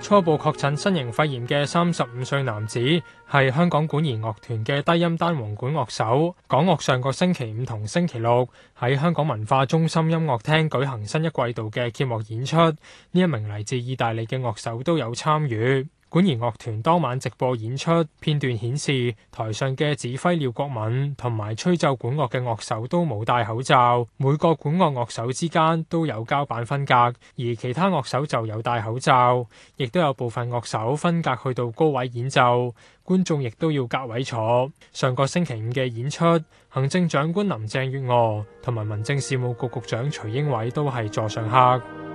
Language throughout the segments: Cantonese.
初步確診新型肺炎嘅三十五歲男子，係香港管弦樂團嘅低音單簧管樂手。港樂上個星期五同星期六喺香港文化中心音樂廳舉行新一季度嘅揭幕演出，呢一名嚟自意大利嘅樂手都有參與。管弦樂團當晚直播演出片段顯示，台上嘅指揮廖國敏同埋吹奏管樂嘅樂手都冇戴口罩，每個管樂樂手之間都有膠板分隔，而其他樂手就有戴口罩，亦都有部分樂手分隔去到高位演奏，觀眾亦都要隔位坐。上個星期五嘅演出，行政長官林鄭月娥同埋民政事務局局長徐英偉都係座上客。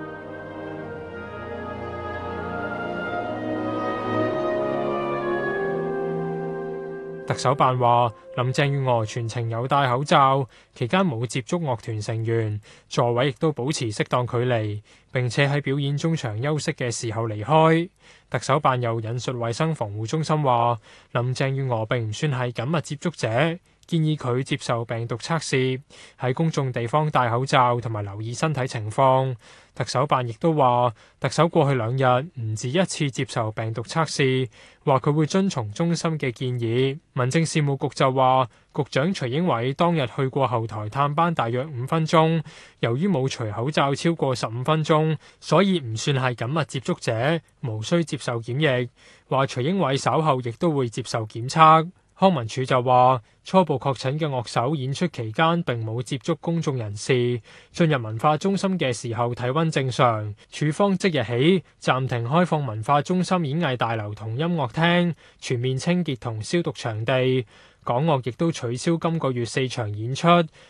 特首辦話：林鄭月娥全程有戴口罩，期間冇接觸樂團成員，座位亦都保持適當距離，並且喺表演中場休息嘅時候離開。特首辦又引述衞生防護中心話：林鄭月娥並唔算係緊密接觸者。建議佢接受病毒測試，喺公眾地方戴口罩同埋留意身體情況。特首辦亦都話，特首過去兩日唔止一次接受病毒測試，話佢會遵從中心嘅建議。民政事務局就話，局長徐英偉當日去過後台探班大約五分鐘，由於冇除口罩超過十五分鐘，所以唔算係緊密接觸者，無需接受檢疫。話徐英偉稍後亦都會接受檢測。康文署就話，初步確診嘅樂手演出期間並冇接觸公眾人士，進入文化中心嘅時候體溫正常。署方即日起暫停開放文化中心演藝大樓同音樂廳，全面清潔同消毒場地。港樂亦都取消今個月四場演出，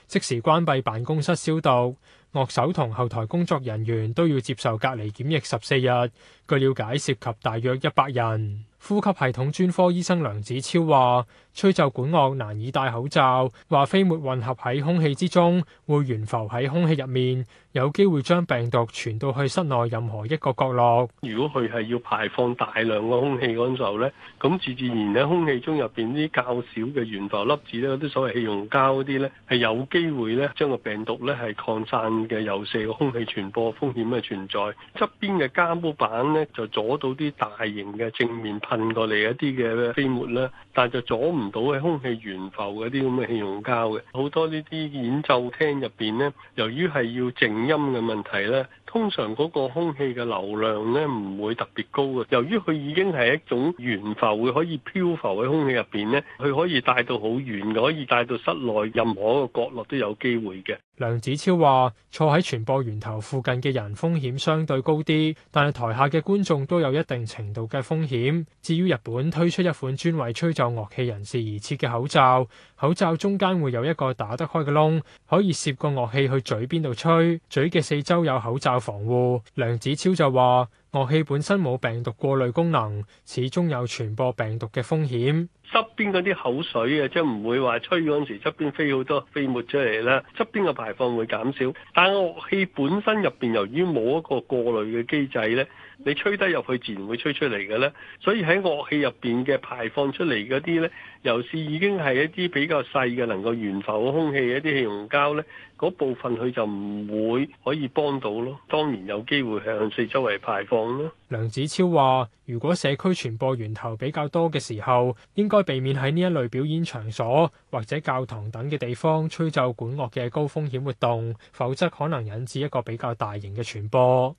即時關閉辦公室消毒，樂手同後台工作人員都要接受隔離檢疫十四日。據了解，涉及大約一百人。呼吸系統專科醫生梁子超話：吹奏管樂難以戴口罩，話飛沫混合喺空氣之中，會懸浮喺空氣入面，有機會將病毒傳到去室內任何一個角落。如果佢係要排放大量嘅空氣嗰時候呢，咁自自然咧，空氣中入邊啲較少嘅懸浮粒子咧，嗰啲所謂氣溶膠嗰啲呢，係有機會咧將個病毒呢係擴散嘅，有四個空氣傳播風險嘅存在。側邊嘅加霧板呢，就阻到啲大型嘅正面噴過嚟一啲嘅飛沫啦，但就阻唔唔到嘅空氣懸浮嗰啲咁嘅氣溶膠嘅。好多呢啲演奏廳入邊咧，由於係要靜音嘅問題咧。通常嗰個空氣嘅流量咧唔會特別高嘅，由於佢已經係一種懸浮，會可以漂浮喺空氣入邊咧，佢可以帶到好遠，可以帶到室內任何一個角落都有機會嘅。梁子超話坐喺傳播源頭附近嘅人風險相對高啲，但係台下嘅觀眾都有一定程度嘅風險。至於日本推出一款專為吹奏樂器人士而設嘅口罩，口罩中間會有一個打得開嘅窿，可以攝個樂器去嘴邊度吹，嘴嘅四周有口罩。防護，梁子超就話：樂器本身冇病毒過濾功能，始終有傳播病毒嘅風險。側邊嗰啲口水呀，即係唔會話吹嗰陣時側邊飛好多飛沫出嚟啦。側邊嘅排放會減少，但係樂器本身入邊由於冇一個過濾嘅機制呢，你吹得入去自然會吹出嚟嘅咧。所以喺樂器入邊嘅排放出嚟嗰啲呢，又是已經係一啲比較細嘅能夠懸浮嘅空氣一啲氣溶膠呢，嗰部分佢就唔會可以幫到咯。當然有機會向四周圍排放咯。梁子超話：如果社區傳播源頭比較多嘅時候，應該避免喺呢一類表演場所或者教堂等嘅地方吹奏管樂嘅高風險活動，否則可能引致一個比較大型嘅傳播。